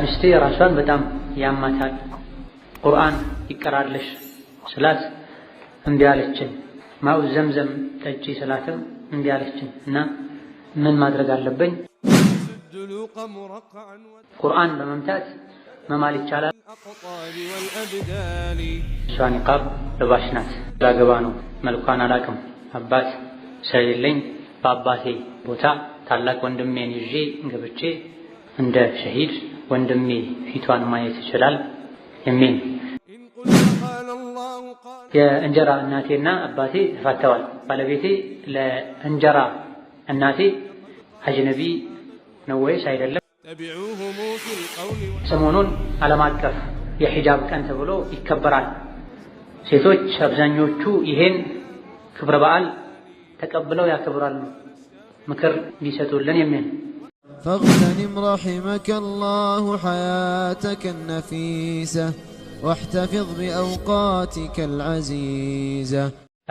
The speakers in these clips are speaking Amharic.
ሚስቴ ራሷን በጣም ያማታል፣ ቁርአን ይቀራልሽ ስላት እምቢ አለችን። ዘምዘም ጠጪ ስላትም እምቢ አለችን እና ምን ማድረግ አለብኝ? ቁርአን በመምታት መማል ይቻላል? እሷ ኒቃብ ልባሽ ናት። ላገባ ነው መልኳን አላቅም አባት ስለሌለኝ በአባቴ ቦታ ታላቅ ወንድሜን ይዤ ገብቼ እንደ ሸሂድ ወንድሜ ፊቷን ማየት ይችላል የሚል የእንጀራ እናቴና አባቴ ተፋተዋል። ባለቤቴ ለእንጀራ እናቴ አጅነቢ ነው ወይስ አይደለም? ሰሞኑን ዓለም አቀፍ የሒጃብ ቀን ተብሎ ይከበራል። ሴቶች አብዛኞቹ ይሄን ክብረ በዓል ተቀብለው ያከብራሉ። مكر ምክር لن يمين فاغتنم رحمك الله حياتك النفيسة واحتفظ بأوقاتك العزيزة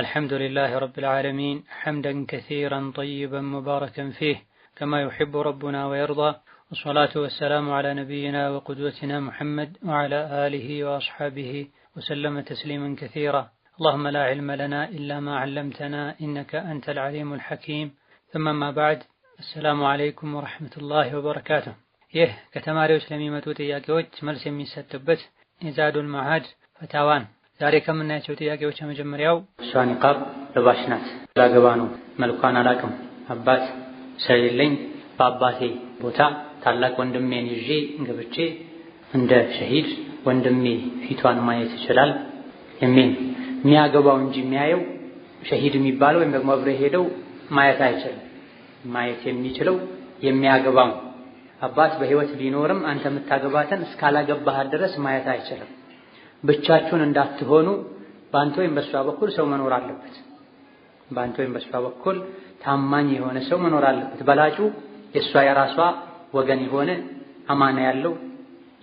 الحمد لله رب العالمين حمدا كثيرا طيبا مباركا فيه كما يحب ربنا ويرضى والصلاة والسلام على نبينا وقدوتنا محمد وعلى آله وأصحابه وسلم تسليما كثيرا اللهم لا علم لنا إلا ما علمتنا إنك أنت العليم الحكيم እማማ ባዕድ አሰላሙ አለይኩም ወረሕመቱላሂ ወበረካቱ። ይህ ከተማሪዎች ለሚመጡ ጥያቄዎች መልስ የሚሰጥበት የዛዱል መዓድ ፈታዋን ዛሬ ከምናያቸው ጥያቄዎች የመጀመሪያው እሷ ኒቃብ ለባሽ ናት። ላገባ ነው፣ መልኳን አላቅም፣ አባት ስለሌለኝ በአባቴ ቦታ ታላቅ ወንድሜን ይዤ ገብቼ እንደ ሸሂድ ወንድሜ ፊቷን ማየት ይችላል የሚል የሚያገባው እንጂ የሚያየው ሸሂድ የሚባለው ወይም ደግሞ አብሮ ሄደው ማየት አይችልም። ማየት የሚችለው የሚያገባው አባት በህይወት ቢኖርም አንተ የምታገባትን እስካላገባሃት ድረስ ማየት አይችልም። ብቻችሁን እንዳትሆኑ በአንተ ወይም በሷ በኩል ሰው መኖር አለበት። በአንተ ወይም በሷ በኩል ታማኝ የሆነ ሰው መኖር አለበት። በላጩ የእሷ የራሷ ወገን የሆነ አማና ያለው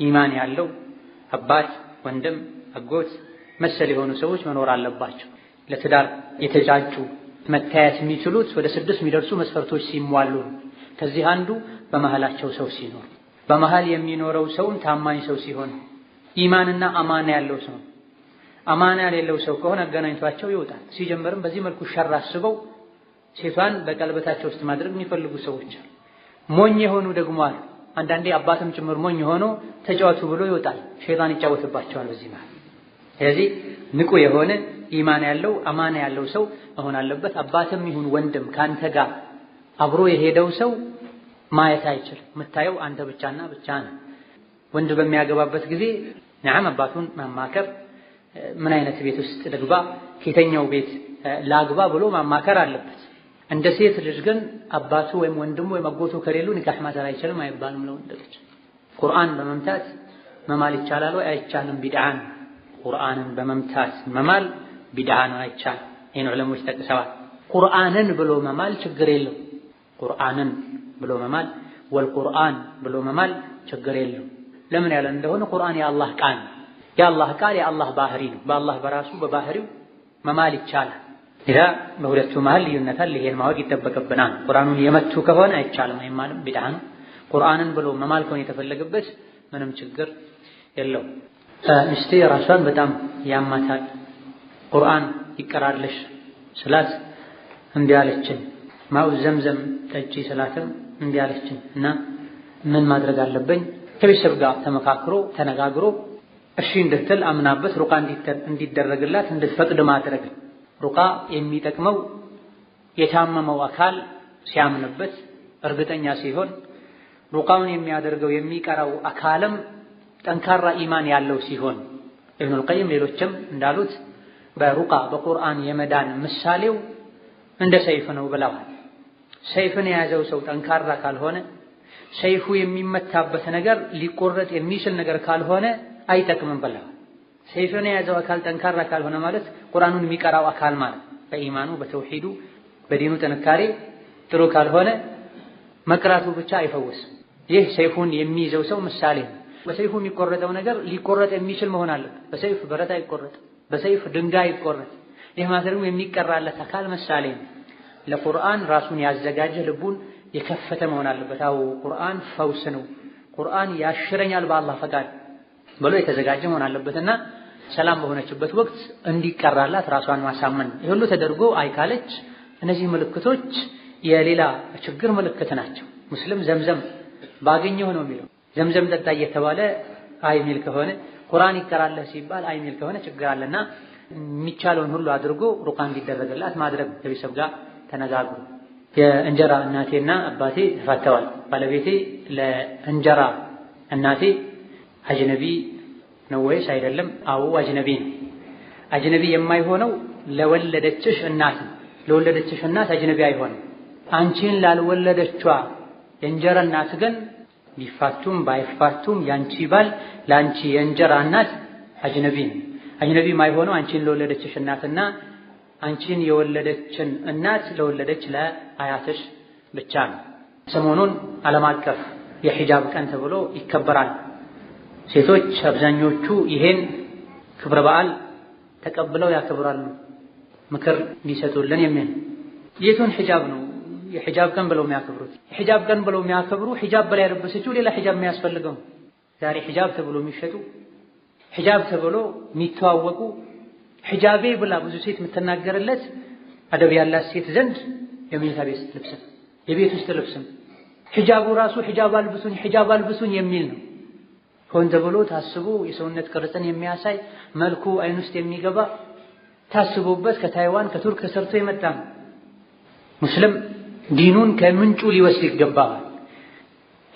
ኢማን ያለው አባት፣ ወንድም፣ አጎት መሰል የሆኑ ሰዎች መኖር አለባቸው። ለትዳር የተጫጩ መታየት የሚችሉት ወደ ስድስት የሚደርሱ መስፈርቶች ሲሟሉ ከዚህ አንዱ በመሃላቸው ሰው ሲኖር በመሃል የሚኖረው ሰውም ታማኝ ሰው ሲሆን ኢማንና አማና ያለው ሰው አማና የሌለው ሰው ከሆነ አገናኝቷቸው ይወጣል። ሲጀምርም በዚህ መልኩ ሸር አስበው ሴቷን በቀለበታቸው ውስጥ ማድረግ የሚፈልጉ ሰዎች አሉ። ሞኝ የሆኑ ደግሞ አሉ። አንዳንዴ አባትም ጭምር ሞኝ ሆኖ ተጫወቱ ብሎ ይወጣል። ሸይጣን ይጫወትባቸዋል። በዚህ ማለት ስለዚህ ንቁ የሆነ ኢማን ያለው አማና ያለው ሰው መሆን አለበት። አባትም ይሁን ወንድም ካንተ ጋር አብሮ የሄደው ሰው ማየት አይችል የምታየው አንተ ብቻና ብቻ ነው። ወንድ በሚያገባበት ጊዜ ነዓም አባቱን ማማከር፣ ምን አይነት ቤት ውስጥ ልግባ፣ ከየተኛው ቤት ላግባ ብሎ ማማከር አለበት። እንደ ሴት ልጅ ግን አባቱ ወይም ወንድሙ ወይም አጎቱ ከሌሉ ኒካህ ማሰር አይችልም አይባልም። ለወንድ ልጅ ቁርአን በመምታት መማል ይቻላል ወይ? አይቻልም። ቢድዓን ቁርአንን በመምታት መማል ቢድዓ ነው አይቻል። ይህን ዑለሞች ጠቅሰዋል። ቁርአንን ብሎ መማል ችግር የለው። ቁርአንን ብሎ መማል ወልቁርአን ብሎ መማል ችግር የለው። ለምን ያለ እንደሆነ ቁርአን የአላህ ቃል ነው። የአላህ ቃል የአላህ ባህሪ ነው። በአላህ በራሱ በባህሪው መማል ይቻላል። ሌላ በሁለቱ መሃል ልዩነት አለ። ይሄን ማወቅ ይጠበቅብናል። ቁርአኑን የመቱ ከሆነ አይቻልም፣ አይማልም፣ ቢድዓ ነው። ቁርአንን ብሎ መማል ከሆነ የተፈለገበት ምንም ችግር የለው። ሚስቴ ራሷን በጣም ያማታል ቁርአን ይቀራለሽ ስላት እንዲህ አለችን። ማኡ ዘምዘም ጠጪ ስላትም እንዲህ አለችን። እና ምን ማድረግ አለብኝ? ከቤተሰብ ጋር ተመካክሮ ተነጋግሮ እሺ እንድትል አምናበት ሩቃ እንዲደረግላት እንድትፈቅድ ማድረግ። ሩቃ የሚጠቅመው የታመመው አካል ሲያምንበት እርግጠኛ ሲሆን፣ ሩቃውን የሚያደርገው የሚቀራው አካልም ጠንካራ ኢማን ያለው ሲሆን ኢብኑል ቀይም ሌሎችም እንዳሉት በሩቃ በቁርአን የመዳን ምሳሌው እንደ ሰይፍ ነው ብለዋል። ሰይፍን የያዘው ሰው ጠንካራ ካልሆነ ሰይፉ የሚመታበት ነገር ሊቆረጥ የሚችል ነገር ካልሆነ አይጠቅምም ብለዋል። ሰይፍን የያዘው አካል ጠንካራ ካልሆነ ማለት ቁርአኑን የሚቀራው አካል ማለት በኢማኑ በተውሂዱ በዲኑ ጥንካሬ ጥሩ ካልሆነ መቅራቱ ብቻ አይፈውስም። ይህ ሰይፉን የሚይዘው ሰው ምሳሌ ነው። በሰይፉ የሚቆረጠው ነገር ሊቆረጥ የሚችል መሆን አለበት። በሰይፍ ብረት አይቆረጥ። በሰይፍ ድንጋይ ይቆረጥ። ይህ ማድረጉ የሚቀራለት አካል ምሳሌ ነው። ለቁርአን ራሱን ያዘጋጀ ልቡን የከፈተ መሆን አለበት። አዎ ቁርአን ፈውስ ነው፣ ቁርአን ያሽረኛል በአላህ ፈቃድ ብሎ የተዘጋጀ መሆን አለበትና ሰላም በሆነችበት ወቅት እንዲቀራላት ራሷን ማሳመን ይህ ሁሉ ተደርጎ አይካለች። እነዚህ ምልክቶች የሌላ ችግር ምልክት ናቸው። ሙስሊም ዘምዘም ባገኘው ነው የሚለው ዘምዘም ጠጣ እየተባለ አይ ሚል ከሆነ ቁርአን ይቀራለህ ሲባል አይ ከሆነ ችግር አለና የሚቻለውን ሁሉ አድርጎ ሩቃ እንዲደረግላት ማድረግ ከቤተሰብ ጋር ተነጋግሩ። የእንጀራ እናቴና አባቴ ተፋተዋል። ባለቤቴ ለእንጀራ እናቴ አጅነቢ ነው ወይስ አይደለም? አዎ አጅነቢ ነው። አጅነቢ የማይሆነው ለወለደችሽ እናት ለወለደችሽ እናት አጅነቢ አይሆንም። አንቺን ላልወለደቿ የእንጀራ እናት ግን ቢፋቱም ባይፋቱም ያንቺ ባል ለአንቺ የእንጀራ እናት አጅነቢ ነው። አጅነቢ ማይሆነው አንቺን ለወለደችሽ እናትና አንቺን የወለደችን እናት ለወለደች ለአያትሽ ብቻ ነው። ሰሞኑን ዓለም አቀፍ የሂጃብ ቀን ተብሎ ይከበራል። ሴቶች አብዛኞቹ ይሄን ክብረ በዓል ተቀብለው ያከብራሉ። ምክር ቢሰጡልን የሚል የቱን ሂጃብ ነው የሒጃብ ቀን ብለው የሚያከብሩት የሒጃብ ቀን ብለው የሚያከብሩ ሒጃብ ብላ ያለበሰችው ሌላ ሒጃብ የሚያስፈልገው ዛሬ ሒጃብ ተብሎ የሚሸጡ ሒጃብ ተብሎ የሚተዋወቁ ሒጃቤ ብላ ብዙ ሴት የምትናገርለት አደብ ያላት ሴት ዘንድ የመኝታ ቤት ልብስ የቤት ውስጥ ልብስም ሒጃቡ ራሱ ሒጃብ አልብሱኝ ሒጃብ አልብሱኝ የሚል ነው። ሆን ተብሎ ታስቦ የሰውነት ቅርጽን የሚያሳይ መልኩ አይን ውስጥ የሚገባ ታስቦበት ከታይዋን ከቱርክ ተሰርቶ የመጣ ነው። ሙስሊም ዲኑን ከምንጩ ሊወስድ ይገባል።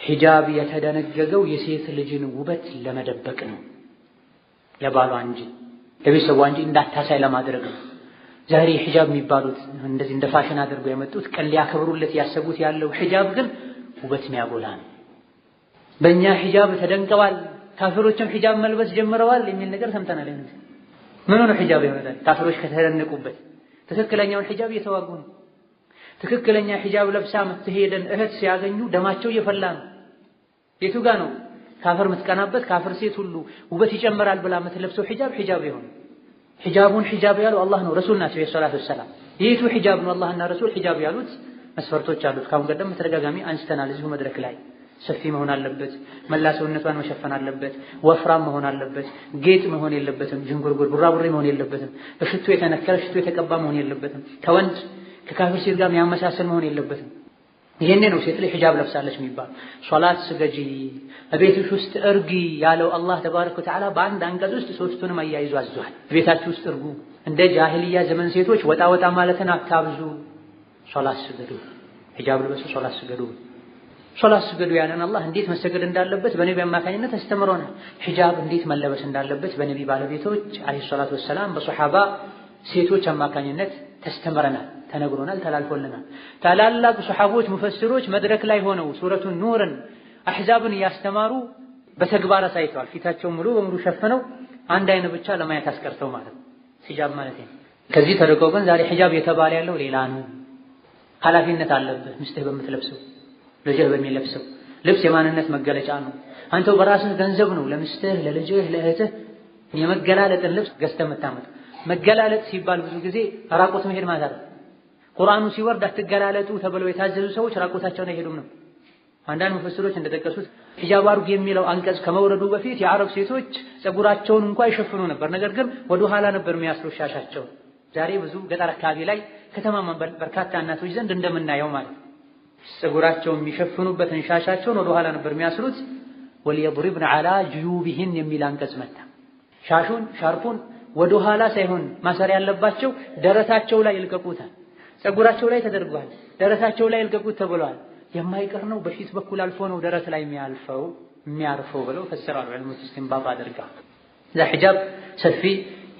ሂጃብ የተደነገገው የሴት ልጅን ውበት ለመደበቅ ነው። ለባሏ እንጂ ለቤተሰቧ እንጂ እንዳታሳይ ለማድረግ ነው። ዛሬ ሂጃብ የሚባሉት እንደዚህ እንደ ፋሽን አድርገው የመጡት ቀን ሊያከብሩለት ያሰቡት ያለው ሂጃብ ግን ውበት የሚያጎላ ነው። በእኛ ሂጃብ ተደንቀዋል፣ ካፊሮችም ሂጃብ መልበስ ጀምረዋል የሚል ነገር ሰምተናል። ምን ሆነ ሂጃብ ይሆናል? ካፊሮች ከተደነቁበት ትክክለኛውን ሂጃብ እየተዋጉ ነው። ትክክለኛ ሒጃብ ለብሳ የምትሄደን እህት ሲያገኙ ደማቸው እየፈላ ነው። የቱ ጋ ነው ካፈር የምትቀናበት? ካፈር ሴት ሁሉ ውበት ይጨምራል ብላ የምትለብሰው ሒጃብ ሒጃብ ይሆን? ሒጃቡን ሒጃብ ያሉ አላህ ነው ረሱል ናቸው የሰላት ወሰላም። የቱ ሒጃብ ነው አላህና ረሱል ሒጃብ ያሉት? መስፈርቶች አሉት። ካሁን ቀደም በተደጋጋሚ አንስተናል እዚሁ መድረክ ላይ ሰፊ መሆን አለበት። መላ ሰውነቷን መሸፈን አለበት። ወፍራም መሆን አለበት። ጌጥ መሆን የለበትም። ዥንጉርጉር ቡራቡሬ መሆን የለበትም። በሽቶ የተነከረ ሽቶ የተቀባ መሆን የለበትም። ከወንድ ከካፍር ሴት ጋር የሚያመሳሰል መሆን የለበትም። ይህኔ ነው ሴት ላይ ሒጃብ ለብሳለች የሚባል። ሶላት ስገጂ፣ እቤትሽ ውስጥ እርጊ ያለው አላህ ተባረከ ወተዓላ በአንድ አንቀጽ ውስጥ ሶስቱንም አያይዞ አዟል። እቤታችሁ ውስጥ እርጉ፣ እንደ ጃሂልያ ዘመን ሴቶች ወጣ ወጣ ማለትን አታብዙ፣ ሶላት ስገዱ፣ ሒጃብ ልበሱ፣ ሶላት ስገዱ፣ ሶላት ስገዱ ያለን አላህ እንዴት መሰገድ እንዳለበት በነቢ አማካኝነት አስተምሮናል። ሒጃብ እንዴት መለበስ እንዳለበት በነቢ ባለቤቶች አለይሂ ሰላቱ ወሰላም በሶሓባ ሴቶች አማካኝነት ተስተምረናል፣ ተነግሮናል፣ ተላልፎልናል። ታላላቅ ሱሐቦች፣ ሙፈስሮች መድረክ ላይ ሆነው ሱረቱን ኑርን አሕዛብን እያስተማሩ በተግባር አሳይተዋል። ፊታቸው ሙሉ በሙሉ ሸፍነው አንድ አይነ ብቻ ለማየት አስቀርተው ማለት ሂጃብ ማለት ነው። ከዚህ ተደርገው ግን ዛሬ ሂጃብ የተባለ ያለው ሌላ ነው። ኃላፊነት አለብህ። ሚስትህ በምትለብሰው ልጅህ በሚለብሰው ልብስ የማንነት መገለጫ ነው። አንተው በራስህ ገንዘብ ነው ለሚስትህ ለልጅህ ለእህትህ የመገላለጥን ልብስ ገዝተህ የምታመጣው መገላለጥ ሲባል ብዙ ጊዜ ራቆት መሄድ ማለት አይደለም። ቁርአኑ ሲወርድ አትገላለጡ ተብለው የታዘዙ ሰዎች ራቆታቸውን አይሄዱም ነው። አንዳንድ ሙፈስሮች እንደጠቀሱት ሂጃብ አድርጉ የሚለው አንቀጽ ከመውረዱ በፊት የአረብ ሴቶች ፀጉራቸውን እንኳ ይሸፍኑ ነበር። ነገር ግን ወደ ኋላ ነበር የሚያስሉ ሻሻቸው። ዛሬ ብዙ ገጠር አካባቢ ላይ ከተማማ በርካታ እናቶች ዘንድ እንደምናየው ማለት ፀጉራቸውን የሚሸፍኑበትን ሻሻቸውን ወደ ኋላ ነበር የሚያስሉት። ወልየድሪብን ዐላ ጅዩቢሂን የሚል አንቀጽ መጣ። ሻሹን ሻርፑን ወደ ኋላ ሳይሆን ማሰር ያለባቸው ደረታቸው ላይ ይልቀቁታል። ፀጉራቸው ላይ ተደርጓል፣ ደረታቸው ላይ ይልቀቁት ተብሏል። የማይቀር ነው በፊት በኩል አልፎ ነው ደረት ላይ የሚያልፈው የሚያርፈው ብለው ፈስራሉ ዑለሞች እስቲንባጥ አድርጋ። ለሂጃብ ሰፊ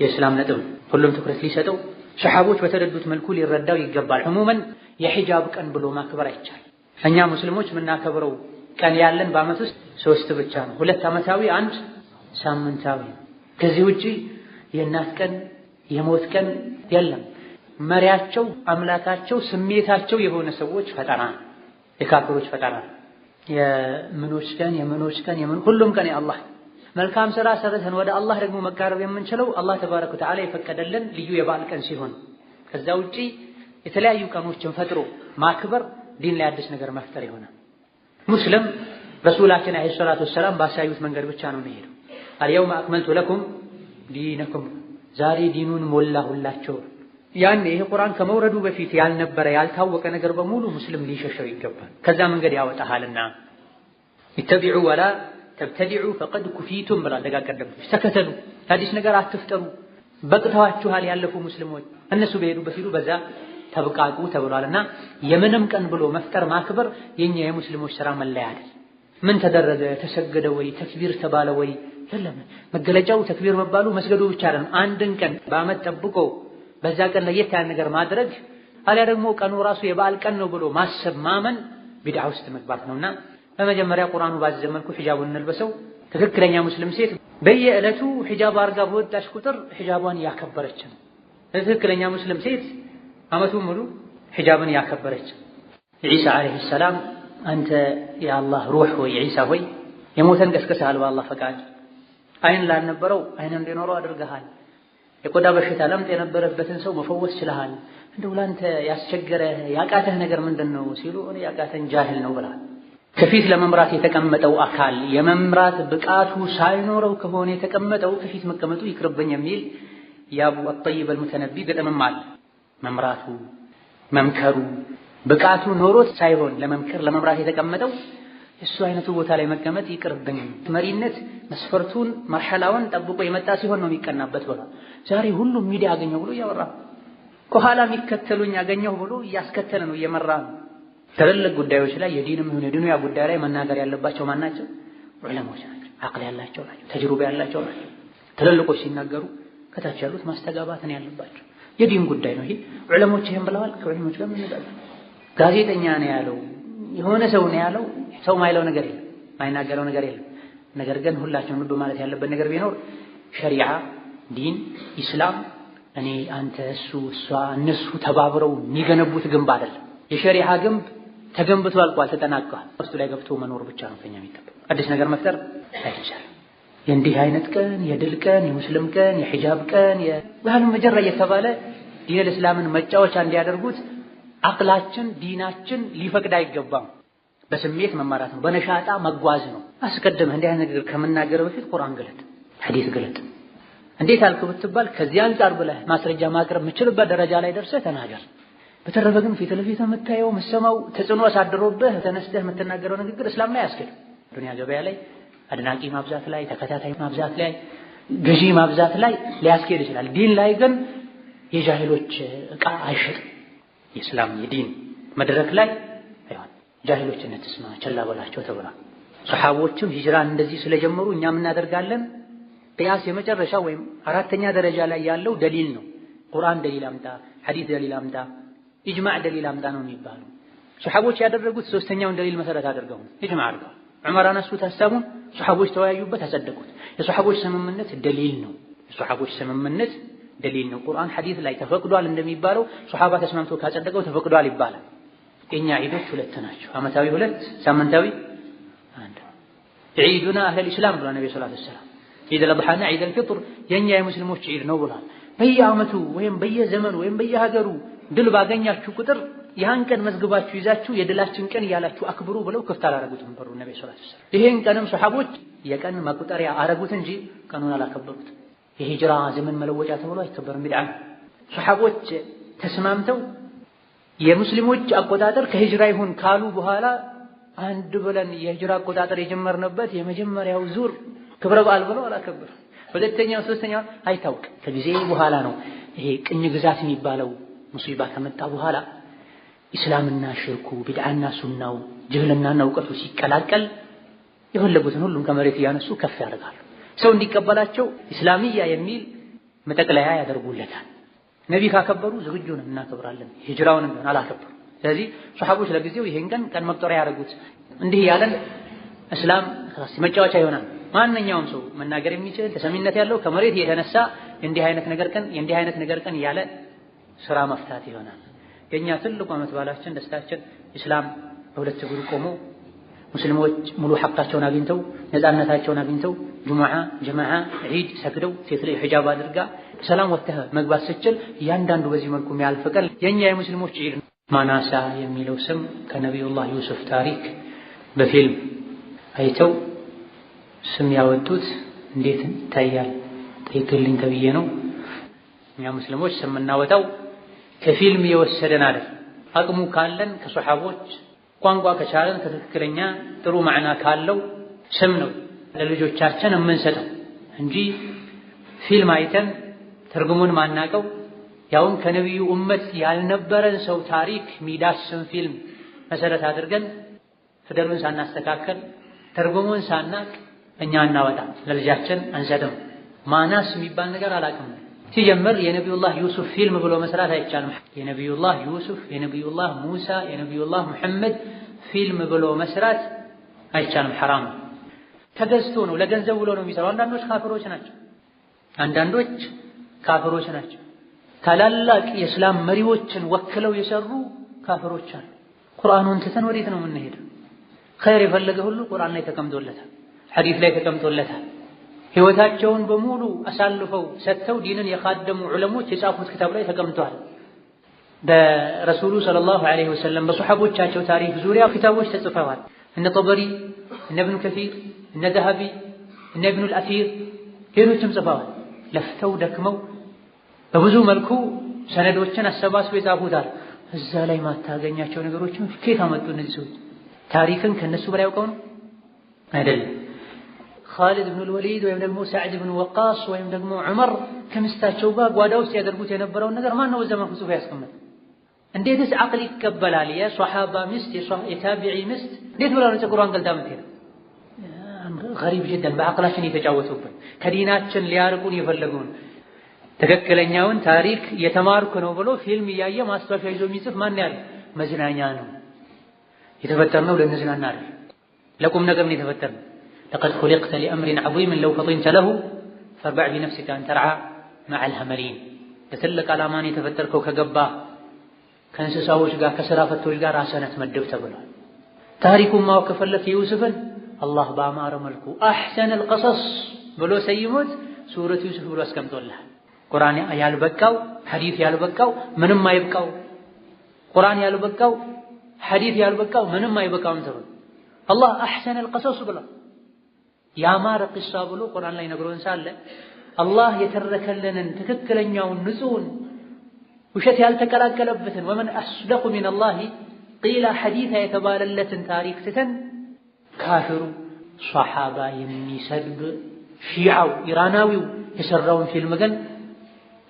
የእስላም ነጥብ ሁሉም ትኩረት ሊሰጠው ሰሓቦች በተረዱት መልኩ ሊረዳው ይገባል። ሕሙመን የሂጃብ ቀን ብሎ ማክበር አይቻል። እኛ ሙስሊሞች የምናከብረው ቀን ያለን በዓመት ውስጥ ሶስት ብቻ ነው። ሁለት ዓመታዊ፣ አንድ ሳምንታዊ። ከዚህ ውጪ የእናት ቀን የሞት ቀን የለም። መሪያቸው አምላካቸው ስሜታቸው የሆነ ሰዎች ፈጠራ የካፍሮች ፈጠራ የምኖች ቀን የምኖች ቀን ሁሉም ቀን የአላህ መልካም ስራ ሰርተን ወደ አላህ ደግሞ መቃረብ የምንችለው አላህ ተባረከ ወተዓላ የፈቀደልን ልዩ የበዓል ቀን ሲሆን ከዛ ውጪ የተለያዩ ቀኖችን ፈጥሮ ማክበር ዲን ላይ አዲስ ነገር መፍጠር ይሆናል። ሙስሊም ረሱላችን አለይሂ ሰላቱ ወሰላም ባሳዩት መንገድ ብቻ ነው የሚሄደው። አልየውመ አክመልቱ ለኩም ዲነኩም ዛሬ ዲኑን ሞላሁላቸው። ያኔ ይሄ ቁርአን ከመውረዱ በፊት ያልነበረ ያልታወቀ ነገር በሙሉ ሙስልም ሊሸሸው ይገባል። ከዛ መንገድ ያወጣሃልና ይተቢዑ ወላ ተብተዲዑ ፈቀድ ኩፊቱም ብላ ደጋቀደም ተከተሉ፣ አዲስ ነገር አትፍጠሩ፣ በቅተዋችኋል። ያለፉ ሙስሊሞች እነሱ በሄዱ ሂዱ፣ በዛ ተብቃቁ ተብሏልና የምንም ቀን ብሎ መፍጠር ማክበር የኛ የሙስሊሞች ስራ መለያ አይደል። ምን ተደረገ ተሰገደ ወይ ተክቢር ተባለ ወይ የለም መገለጫው ተክቢር መባሉ መስገዱ ብቻ አይደለም አንድን ቀን በአመት ጠብቆ በዛ ቀን ለየት ያለ ነገር ማድረግ አሊያ ደግሞ ቀኑ ራሱ የበዓል ቀን ነው ብሎ ማሰብ ማመን ቢድዓ ውስጥ መግባት ነውና በመጀመሪያ ቁርአኑ ባዘዘ መልኩ ሒጃቡን እንልበሰው ትክክለኛ ሙስሊም ሴት በየዕለቱ ሒጃብ አድርጋ በወጣች ቁጥር ሒጃቧን እያከበረች ነው ትክክለኛ ሙስሊም ሴት አመቱን ሙሉ ሒጃብን ያከበረች ዒሳ ዓለይሂ ሰላም አንተ የአላህ ሩህ ወይ ዒሳ ሆይ የሞተን ቀስቅሰሃል በአላህ ፈቃድ። አይን ላልነበረው አይን እንዲኖረው አድርገሃል። የቆዳ በሽታ ለምጥ የነበረበትን ሰው መፈወስ ችለሃል። እንደው ላንተ ያስቸገረ ያቃተህ ነገር ምንድን ነው ሲሉ እኔ ያቃተን ጃህል ነው ብላል። ከፊት ለመምራት የተቀመጠው አካል የመምራት ብቃቱ ሳይኖረው ከሆነ የተቀመጠው ከፊት መቀመጡ ይቅርብኝ የሚል የአቡ አጠይብ አልሙተነቢ ግጥምም አለ። መምራቱ መምከሩ ብቃቱ ኖሮት ሳይሆን ለመምከር ለመምራት የተቀመጠው እሱ አይነቱ ቦታ ላይ መቀመጥ ይቅርብኝ። መሪነት መስፈርቱን መርሐላውን ጠብቆ የመጣ ሲሆን ነው የሚቀናበት ብሏል። ዛሬ ሁሉም ሚዲያ አገኘው ብሎ እያወራ ከኋላ የሚከተሉኝ ያገኘው ብሎ እያስከተለ ነው እየመራ ነው። ትልልቅ ጉዳዮች ላይ የዲንም ይሁን የዱንያ ጉዳይ ላይ መናገር ያለባቸው ማን ናቸው? ዑለማዎች ናቸው። አቅል ያላቸው ናቸው። ተጅሩባ ያላቸው ናቸው። ትልልቆች ሲናገሩ ከታች ያሉት ማስተጋባትን ያለባቸው የዲን ጉዳይ ነው ይሄ። ዑለሞች ይሄን ብለዋል። ከዑለሞች ጋር ምን ጋዜጠኛ ነው ያለው፣ የሆነ ሰው ነው ያለው። ሰው ማይለው ነገር የለም፣ ማይናገረው ነገር የለም። ነገር ግን ሁላችንም ልብ ማለት ያለበት ነገር ቢኖር ሸሪዓ ዲን ኢስላም እኔ አንተ እሱ እሷ እነሱ ተባብረው የሚገነቡት ግንብ አይደለም። የሸሪዓ ግንብ ተገንብቶ አልቋል፣ ተጠናቀዋል። እሱ ላይ ገብቶ መኖር ብቻ ነው ከኛ የሚጠበቅ። አዲስ ነገር መፍጠር አይቻልም። የእንዲህ አይነት ቀን፣ የድል ቀን፣ የሙስሊም ቀን፣ የሒጃብ ቀን፣ የባህሉ መጀራ እየተባለ ዲን እስላምን መጫወቻ እንዲያደርጉት አቅላችን ዲናችን ሊፈቅድ አይገባም። በስሜት መማራት ነው፣ በነሻጣ መጓዝ ነው። አስቀድመህ እንዲህ አይነት ነገር ከመናገር በፊት ቁርአን ገለጥ፣ ሐዲስ ገለጥ። እንዴት አልክ ብትባል ከዚህ አንጻር ብለህ ማስረጃ ማቅረብ የምችልበት ደረጃ ላይ ደርሰህ ተናገር። በተረፈ ግን ፊት ለፊት የምታየው የምትሰማው ተጽዕኖ አሳድሮብህ ተነስተህ የምትናገረው ንግግር እስላም ላይ አያስኬድም። ዱንያ ገበያ ላይ አድናቂ ማብዛት ላይ፣ ተከታታይ ማብዛት ላይ፣ ግዢ ማብዛት ላይ ሊያስኬድ ይችላል። ዲን ላይ ግን የጃሂሎች ዕቃ አይሸጥም። የእስላም የዲን መድረክ ላይ አይሆን ጃሂሎችን ተስማ ቸላ በላቸው ተብሏል። ሰሓቦችም ሂጅራን እንደዚህ ስለጀመሩ እኛም እናደርጋለን። ቅያስ የመጨረሻ ወይም አራተኛ ደረጃ ላይ ያለው ደሊል ነው። ቁርአን ደሊል አምጣ፣ ሐዲስ ደሊል አምጣ፣ ኢጅማዕ ደሊል አምጣ ነው የሚባሉ ሰሓቦች ያደረጉት ሶስተኛውን ደሊል መሰረት አድርገው ኢጅማዕ አድርገዋል። ዑመር አነሱት ሀሳቡን፣ ሰሓቦች ተወያዩበት፣ አጸደቁት። የሰሓቦች ስምምነት ደሊል ነው። የሰሓቦች ስምምነት ደሊል ነው። ቁርአን ሐዲስ ላይ ተፈቅዷል እንደሚባለው ሶሐባ ተስማምቶ ካጸደቀው ተፈቅዷል ይባላል። የኛ ዒዶች ሁለት ናቸው። ዓመታዊ ሁለት፣ ሳምንታዊ አንድ። ዒዱና አህለል ኢስላም ብሏል ነብዩ ሰለላሁ ዐለይሂ ዒድ አልአድሃና ዒድ አልፍጥር የኛ የሙስሊሞች ዒድ ነው ብሏል። በየዓመቱ ወይም በየዘመኑ ወይም በየሀገሩ ድል ባገኛችሁ ቁጥር ያን ቀን መዝግባችሁ ይዛችሁ የድላችን ቀን እያላችሁ አክብሩ ብለው ክፍት አላረጉትም በሩ ነብዩ ሰለላሁ ዐለይሂ ይሄን ቀንም ሶሐቦች የቀን መቁጠሪያ አረጉት እንጂ ቀኑን አላከበሩትም። የሂጅራ ዘመን መለወጫ ተብሎ አይከበርም። ቢድዓ ሰሐቦች ተስማምተው የሙስሊሞች አቆጣጠር ከሂጅራ ይሁን ካሉ በኋላ አንድ ብለን የሂጅራ አቆጣጠር የጀመርንበት የመጀመሪያው ዙር ክብረ በዓል ብለው አላከብር። ሁለተኛው፣ ሶስተኛው አይታውቅ። ከጊዜ በኋላ ነው ይሄ ቅኝ ግዛት የሚባለው ሙሲባ ከመጣ በኋላ ኢስላምና ሽርኩ ቢድዓና ሱናው ጅህልናና እውቀቱ ሲቀላቀል የፈለጉትን ሁሉም ከመሬት እያነሱ ከፍ ያደርጋሉ። ሰው እንዲቀበላቸው ኢስላሚያ የሚል መጠቅለያ ያደርጉለታል። ነቢ ካከበሩ ዝግጁ ነን እናከብራለን። ሂጅራውንም ቢሆን አላከበሩ። ስለዚህ ሰሓቦች ለጊዜው ይሄን ቀን ቀን መቁጠሪያ ያደርጉት እንዲህ ያለን እስላም መጫወቻ ይሆናል። ማንኛውም ሰው መናገር የሚችል ተሰሚነት ያለው ከመሬት የተነሳ እንዲህ አይነት ነገር ቀን እንዲህ አይነት ነገር ቀን ያለ ስራ መፍታት ይሆናል። የኛ ትልቁ ዓመት ባላችን ደስታችን ኢስላም በሁለት እግሩ ቆሞ ሙስሊሞች ሙሉ ሐቃቸውን አግኝተው ነፃነታቸውን አግኝተው ጁሙዓ፣ ጀማዓ፣ ዒድ ሰግደው ሴት ላይ ሒጃብ አድርጋ ሰላም ወተህ መግባት ስችል እያንዳንዱ በዚህ መልኩ የሚያልፍ ቀን የእኛ የሙስሊሞች ዒድ ነው። ማናሳ የሚለው ስም ከነቢዩላህ ዩሱፍ ታሪክ በፊልም አይተው ስም ያወጡት እንዴት ይታያል ጠይቅልኝ ተብዬ ነው። እኛ ሙስሊሞች ስም እናወጣው ከፊልም የወሰደን አይደል። አቅሙ ካለን ከሶሓቦች ቋንቋ ከቻለን ከትክክለኛ ጥሩ ማዕና ካለው ስም ነው ለልጆቻችን የምንሰጠው እንጂ ፊልም አይተን ትርጉሙን ማናቀው ያውም ከነቢዩ እመት ያልነበረን ሰው ታሪክ ሚዳስን ፊልም መሰረት አድርገን ፊደሉን ሳናስተካከል ትርጉሙን ሳናቅ እኛ እናወጣ ለልጃችን አንሰጥም። ማናስ የሚባል ነገር አላቅም። ሲጀምር የነቢዩላህ ዩሱፍ ፊልም ብሎ መስራት አይቻልም። የነቢዩላህ ዩሱፍ፣ የነቢዩላህ ሙሳ፣ የነቢዩላህ ሙሐመድ ፊልም ብሎ መስራት አይቻልም፣ ሐራም ተገዝቶ ነው ለገንዘብ ብሎ ነው የሚሰራው። አንዳንዶች ካፍሮች ናቸው፣ አንዳንዶች ካፍሮች ናቸው። ታላላቅ የእስላም መሪዎችን ወክለው የሰሩ ካፍሮች አሉ። ቁርአኑን ትተን ወዴት ነው የምንሄደው? ኸይር የፈለገ ሁሉ ቁርአን ላይ ተቀምጦለታል፣ ሐዲስ ላይ ተቀምጦለታል። ሕይወታቸውን በሙሉ አሳልፈው ሰጥተው ዲንን የካደሙ ዑለሞች የጻፉት ክታብ ላይ ተቀምጧል። በረሱሉ ሰለላሁ ዐለይሂ ወሰለም በሰሐቦቻቸው ታሪክ ዙሪያ ክታቦች ተጽፈዋል። እነ ጠበሪ፣ እነ እብኑ ከሲር፣ እነ ዘሀቢ፣ እነ እብኑል አሲር ሌሎችም ጽፈዋል። ለፍተው ደክመው በብዙ መልኩ ሰነዶችን አሰባስበው ይጻፉታል። እዛ ላይ ማታገኛቸው ነገሮችን ከየት አመጡ? እነዚህ ሰዎች ታሪክን ከእነሱ በላይ አውቀው ነው አይደለም። ኻሊድ ብኑል ወሊድ ወይም ደግሞ ሳዕድ ብን ወቃስ ወይም ደግሞ ዑመር ከምስታቸው ጋር ጓዳ ውስጥ ያደርጉት የነበረውን ነገር ማን በዛ በዘመን ጽሑፍ ያስቀመጠ? እንዴትስ አቅል ይቀበላል? የሶሓባ ሚስት የታቢዒ ሚስት እንዴት ብላ ነው ፀጉሯን ገልጣ የምትሄደው? ገሪብ ጅደን በአቅላችን የተጫወቱብን ከዲናችን ሊያርቁን የፈለጉን ትክክለኛውን ታሪክ የተማርኩ ነው ብሎ ፊልም እያየ ማስታወሻ ይዞ የሚጽፍ ማን ያለ መዝናኛ ነው። የተፈጠርነው ለመዝናና አይደል፣ ለቁም ነገር ነው የተፈጠርነው። لقد خلقت لأمر عظيم لو فطنت له فاربع بنفسك أن ترعى مع الهمرين تسلك على ماني تفترك كجبا كان سساوش قا كسرافة توش قا راسنا تمدف تقوله تارك ما وكفل لك يوسفا الله بامار ملك أحسن القصص بلو سيموت سورة يوسف بلو اسكمت الله قرآن يال بكاو حديث يال بكاو من ما يبكاو قرآن يال بكاو حديث يال بكاو من ما يبكاو الله أحسن القصص بلو ያማረ ቅሳ ብሎ ቁርአን ላይ ነግሮን ሳለ አላህ የተረከልንን ትክክለኛውን ንጹሕን ውሸት ያልተቀላቀለበትን ወመን አስደቁ ሚነላሂ ቂላ ሐዲታ የተባለለትን ታሪክ ትተን ካፍሩ ሰሓባ የሚሰድብ ሺዓው ኢራናዊው የሰራውን ፊልም ግን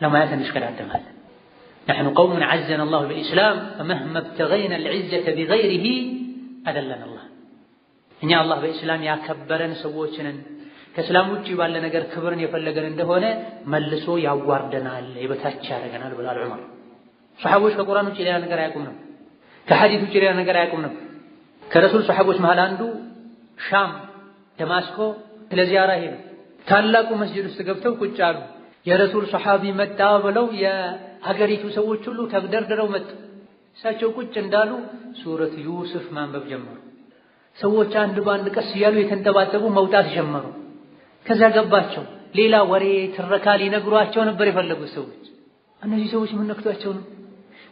ለማየት እንሽከዳደማለን። ነሕኑ ቀውሙን ዐዘነ አላሁ ቢልኢስላም ፈመህመ ብተገይና አልዕዘተ ቢገይሪሂ አደለን አላህ እኛ አላህ በእስላም ያከበረን ሰዎችንን ከእስላም ውጭ ባለ ነገር ክብርን የፈለገን እንደሆነ መልሶ ያዋርደናል፣ የበታች ያደርገናል ብሏል ዑመር። ሰሓቦች ከቁርአን ውጭ ሌላ ነገር አያውቁም ነበር። ከሐዲት ውጭ ሌላ ነገር አያውቁም ነበር። ከረሱል ሰሓቦች መሃል አንዱ ሻም ደማስቆ ለዚያራ ሄዱ። ታላቁ መስጂድ ውስጥ ገብተው ቁጭ አሉ። የረሱል ሰሓቢ መጣ ብለው የሀገሪቱ ሰዎች ሁሉ ተደርድረው መጡ። እሳቸው ቁጭ እንዳሉ ሱረት ዩሱፍ ማንበብ ጀመሩ። ሰዎች አንድ በአንድ ቀስ እያሉ የተንጠባጠቡ መውጣት ጀመሩ። ከዛ ገባቸው። ሌላ ወሬ ትረካ ሊነግሯቸው ነበር የፈለጉት ሰዎች። እነዚህ ሰዎች ምን ነክቷቸው ነው?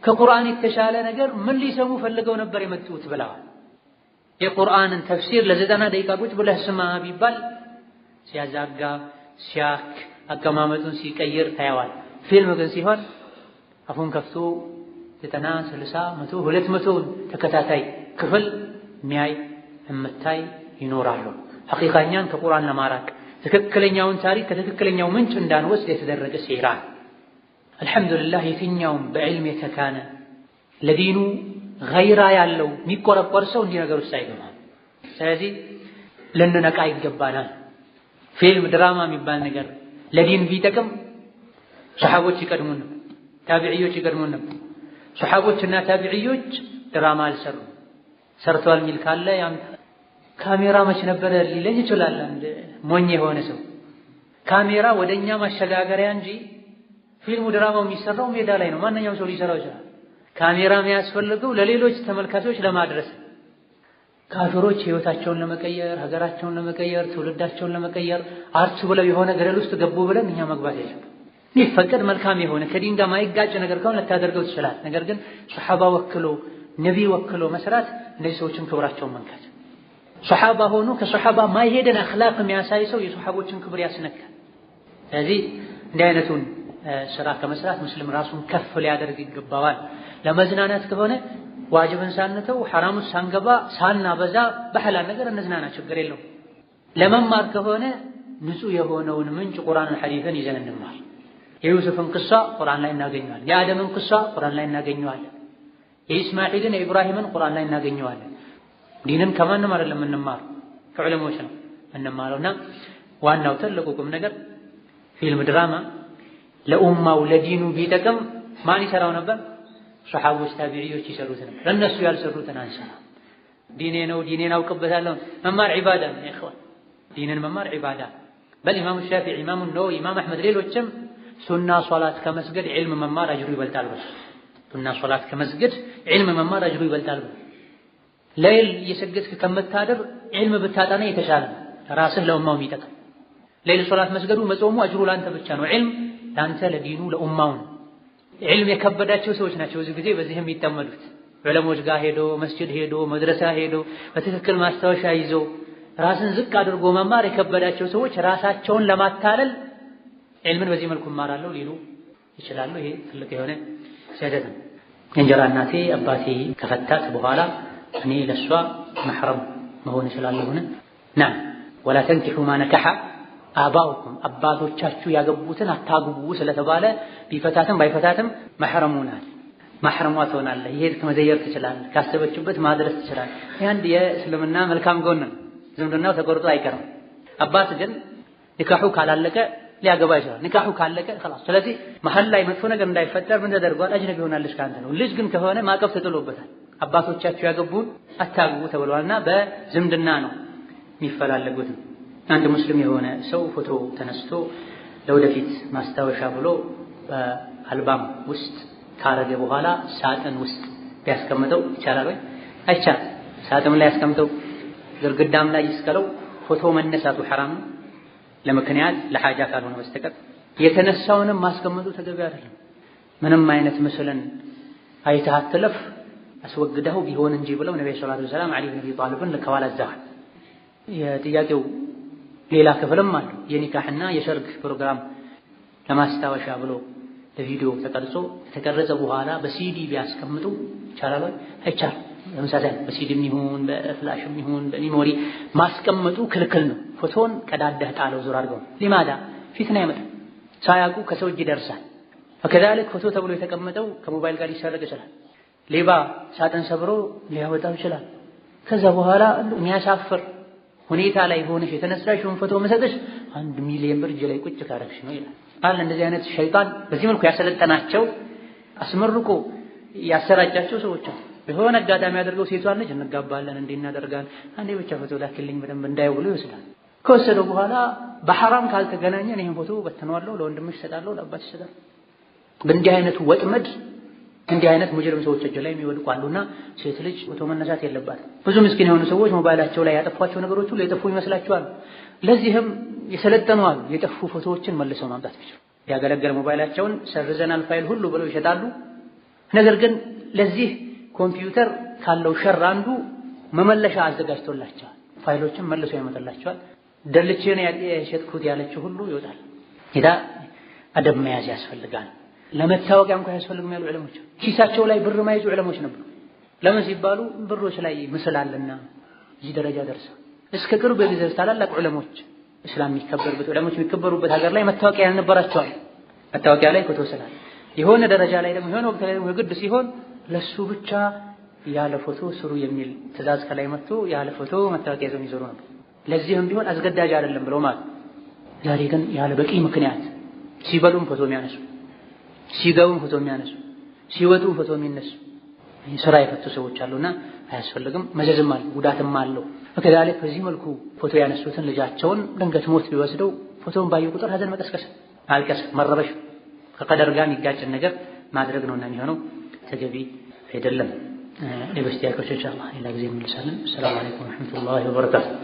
ከቁርአን የተሻለ ነገር ምን ሊሰሙ ፈልገው ነበር የመጡት ብለዋል። የቁርአንን ተፍሲር ለዘጠና ደቂቃ ቁጭ ብለህ ስማ ቢባል ሲያዛጋ ሲያክ አቀማመጡን ሲቀይር ታየዋል። ፊልም ግን ሲሆን አፉን ከፍቶ ዘጠና ስልሳ መቶ ሁለት መቶውን ተከታታይ ክፍል ሚያይ የምታይ ይኖራሉ። ሐቂቃኛን ከቁርአን ለማራቅ ትክክለኛውን ታሪክ ከትክክለኛው ምንጭ እንዳንወስድ የተደረገ ሴራ። አልሐምዱሊላህ የትኛውም በዕልም የተካነ ለዲኑ ገይራ ያለው የሚቆረቆር ሰው እንዲህ ነገር ውስጥ አይገባም። ስለዚህ ልንነቃ ይገባናል። ፊልም ድራማ የሚባል ነገር ለዲን ቢጠቅም ሰሓቦች ይቀድሙን ነበር፣ ታቢዕዮች ይቀድሙን ነበር። ሰሓቦችና ታቢዕዮች ድራማ አልሰሩም። ሰርተዋል የሚል ካለ ያምጣ ካሜራ መች ነበረ ሊለኝ ይችላል። አንድ ሞኝ የሆነ ሰው ካሜራ ወደኛ ማሸጋገሪያ እንጂ ፊልሙ ድራማው የሚሰራው ሜዳ ላይ ነው። ማንኛውም ሰው ሊሰራው ይችላል። ካሜራ የሚያስፈልገው ለሌሎች ተመልካቾች ለማድረስ ካፊሮች ህይወታቸውን ለመቀየር ሀገራቸውን ለመቀየር ትውልዳቸውን ለመቀየር አርቱ ብለው የሆነ ገደል ውስጥ ገቡ ብለን እኛ መግባት አይችልም። ይፈቀድ መልካም የሆነ ከዲን ጋር ማይጋጭ ነገር ከሆነ ልታደርገው ትችላል። ነገር ግን ሰሐባ ወክሎ ነቢ ወክሎ መስራት እነዚህ ሰዎችን ክብራቸውን መንካት ሶሓባ ሆኖ ከሶሓባ ማይሄደን አኽላቅ የሚያሳይ ሰው የሶሓቦችን ክብር ያስነካል። ስለዚህ እንዲህ አይነቱን ስራ ከመስራት ሙስሊም ራሱን ከፍ ሊያደርግ ይገባዋል። ለመዝናናት ከሆነ ዋጅብን ሳንተው ሐራሙን ሳንገባ ሳናበዛ በሐላል ነገር እንዝናና፣ ችግር የለው። ለመማር ከሆነ ንጹህ የሆነውን ምንጭ ቁርአንን ሐዲስን ይዘን እንማር። የዩሱፍን ክሷ ቁርአን ላይ እናገኘዋለን። የአደምን ክሷ ቁርአን ላይ እናገኘዋለን። የኢስማኤልን የኢብራሂምን ቁርአን ላይ እናገኘዋለን። ዲንን ከማንም አይደለም የምንማረው ከዑለሞች ነው የምንማረው እና ዋናው ትልቁ ቁም ነገር ፊልም ድራማ ለኡማው ለዲኑ ቢጠቅም ማን ይሰራው ነበር? ሰሓቦች ታቢዒዎች ይሰሩት ነበር። እነሱ ያልሰሩትን አንሰራ። ዲኔ ነው ዲኔን አውቅበታለሁ። መማር ዒባዳ ነው ይኸዋል። ዲንን መማር ዒባዳ በል ኢማሙ ሻፊዒ፣ ኢማሙ ነወዊ፣ ኢማም አሕመድ ሌሎችም ሱና ሶላት ከመስገድ ዒልም መማር አጅሩ ይበልጣል ብለው ሱና ሶላት ከመስገድ ዒልም መማር አጅሩ ይበልጣል ብለው ለይል እየሰገድክ ከምታደር ዕልም ብታጠና የተሻለ ራስህ ለኡማው የሚጠቅም ለይል ሶላት መስገዱ መጾሙ አጅሩ ላንተ ብቻ ነው። ዕልም ላንተ፣ ለዲኑ፣ ለኡማው ነው። ዕልም የከበዳቸው ሰዎች ናቸው ብዙ ጊዜ በዚህ የሚጠመዱት። ዑለሞች ጋር ሄዶ መስጅድ ሄዶ መድረሳ ሄዶ በትክክል ማስታወሻ ይዞ ራስን ዝቅ አድርጎ መማር የከበዳቸው ሰዎች ራሳቸውን ለማታለል ዕልምን በዚህ መልኩ እማራለሁ ሊሉ ይችላሉ። ይሄ ትልቅ የሆነ ስህተት ነው። የእንጀራ እናቴ አባቴ ከፈታት በኋላ እኔ ለእሷ መሕረም መሆን እችላለሁን? ናም ወላ ተንኪሑ ማ ነከሐ አባኡኩም አባቶቻችሁ ያገቡትን አታግቡ ስለተባለ ቢፈታትም ባይፈታትም መሕረሙ ናት ማሕረሟ ትሆናለህ። የሄድክ መዘየር ትችላለህ። ካሰበችበት ማድረስ ትችላለህ። ይህ አንድ የእስልምና መልካም ጎን ነው። ዝምድናው ተቆርጦ አይቀርም። አባት ግን ኒካሑ ካላለቀ ሊያገባ ይችላል። ኒካሑ ካለቀ ኸላስ። ስለዚህ መሀል ላይ መጥፎ ነገር እንዳይፈጠር ምን ተደርጓል? አጅነቢ ሆናለች ከአንተ ነው። ልጅ ግን ከሆነ ማዕቀብ ተጥሎበታል። አባቶቻቸው ያገቡን አታግቡ ተብሏልና በዝምድና ነው የሚፈላለጉትም። አንድ ሙስሊም የሆነ ሰው ፎቶ ተነስቶ ለወደፊት ማስታወሻ ብሎ በአልባም ውስጥ ካረገ በኋላ ሳጥን ውስጥ ቢያስቀምጠው ይቻላል ወይ? አይቻልም። ሳጥን ላይ ያስቀምጠው፣ ግድግዳም ላይ ይስቀለው፣ ፎቶ መነሳቱ ሐራም ለምክንያት ለሐጃ ካልሆነ በስተቀር የተነሳውንም ማስቀመጡ ተገቢ አይደለም። ምንም አይነት ምስልን አይተህ አትለፍ አስወግደው ቢሆን እንጂ ብለው ነቢ ሰላቱ ወሰላም ዓሊ ብን አቢ ጣሊብን ልከዋል፣ አዘዋል። የጥያቄው ሌላ ክፍልም አሉ። የኒካህና የሰርግ ፕሮግራም ለማስታወሻ ብሎ ለቪዲዮ ተቀርጾ ከተቀረጸ በኋላ በሲዲ ቢያስቀምጡ ይቻላል? አይቻልም። ተመሳሳይ በሲዲም ይሁን በፍላሽም ይሁን በሚሞሪ ማስቀመጡ ክልክል ነው። ፎቶን ቀዳደህ ጣለው ዙር አድርገው። ሊማዳ ፊትና ያመጣል፣ ሳያውቁ ከሰው እጅ ይደርሳል። ከዛልክ ፎቶ ተብሎ የተቀመጠው ከሞባይል ጋር ሊሰረቅ ይችላል። ሌባ ሳጥን ሰብሮ ሊያወጣው ይችላል። ከዛ በኋላ የሚያሳፍር ሁኔታ ላይ ሆነሽ የተነሳሽውን ፎቶ መሰጠሽ አንድ ሚሊዮን ብር እጅ ላይ ቁጭ ካረግሽ ነው ይላል። አለ እንደዚህ አይነት ሸይጣን በዚህ መልኩ ያሰለጠናቸው አስመርቆ ያሰራጫቸው ሰዎች በሆነ አጋጣሚ አድርገው ሴቷን ልጅ እንጋባለን እንዴ እናደርጋለን አንዴ ብቻ ፎቶ ላክልኝ በደንብ እንዳየው ብሎ ይወስዳል። ከወሰደው በኋላ በሐራም ካልተገናኘን ይህን ፎቶ በትነዋለሁ፣ ለወንድምሽ እሰጣለሁ፣ ለአባት እሰጣለሁ። በእንዲህ አይነቱ ወጥመድ እንዲህ አይነት ሙጅርም ሰዎች እጅ ላይ የሚወድቁ አሉና ሴት ልጅ ፎቶ መነሳት የለባት ብዙ ምስኪን የሆኑ ሰዎች ሞባይላቸው ላይ ያጠፏቸው ነገሮች ሁሉ የጠፉ ይመስላቸዋል። ለዚህም የሰለጠኑ የጠፉ ፎቶዎችን መልሰው ማምጣት ቢችሉ ያገለገለ ሞባይላቸውን ሰርዘናል ፋይል ሁሉ ብለው ይሸጣሉ። ነገር ግን ለዚህ ኮምፒውተር ካለው ሸር አንዱ መመለሻ አዘጋጅቶላቸዋል። ፋይሎችን መልሶ ያመጣላቸዋል። ደልቼ ነው የሸጥኩት ያለችው ሁሉ ይወጣል። ጌታ አደብ መያዝ ያስፈልጋል። ለመታወቂያ እንኳ ያስፈልግም ያሉ ዕለሞች ኪሳቸው ላይ ብር ማይዙ ዕለሞች ነበሩ። ለምን ሲባሉ ብሮች ላይ ምስል አለና እዚህ ደረጃ ደርሰ እስከ ቅርብ ጊዜ ታላላቅ ዕለሞች እስላም የሚከበሩበት ዕለሞች የሚከበሩበት ሀገር ላይ መታወቂያ ያልነበራቸዋል። መታወቂያ ላይ ተወሰናል። የሆነ ደረጃ ላይ ደግሞ የሆነ ወቅት ላይ ደግሞ ግድ ሲሆን ለሱ ብቻ ያለ ፎቶ ስሩ የሚል ትዕዛዝ ከላይ መጥቶ ያለ ፎቶ መታወቂያ ይዘው ይዞሩ ነበር። ለዚህም ቢሆን አስገዳጅ አይደለም ብለው ማለት ዛሬ ግን ያለ በቂ ምክንያት ሲበሉም ፎቶ የሚያነሱ ሲገቡም ፎቶ የሚያነሱ ሲወጡ ፎቶ የሚነሱ ስራ የፈቱ ሰዎች አሉና አያስፈልግም። መዘዝም አለ ጉዳትም አለው። ከዛሊክ በዚህ መልኩ ፎቶ ያነሱትን ልጃቸውን ድንገት ሞት ቢወስደው ፎቶውን ባየ ቁጥር ሀዘን መቀስቀስ፣ ማልቀስ፣ መረበሽ ከቀደር ጋር የሚጋጭን ነገር ማድረግ ነውና የሚሆነው ተገቢ አይደለም። ሌሎች ጥያቄዎች ኢንሻአላህ ሌላ ጊዜ እንመልሳለን። ሰላም አለይኩም ወረሕመቱላሂ ወበረካቱ።